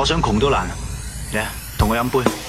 我想窮都難，嚟同我飲杯。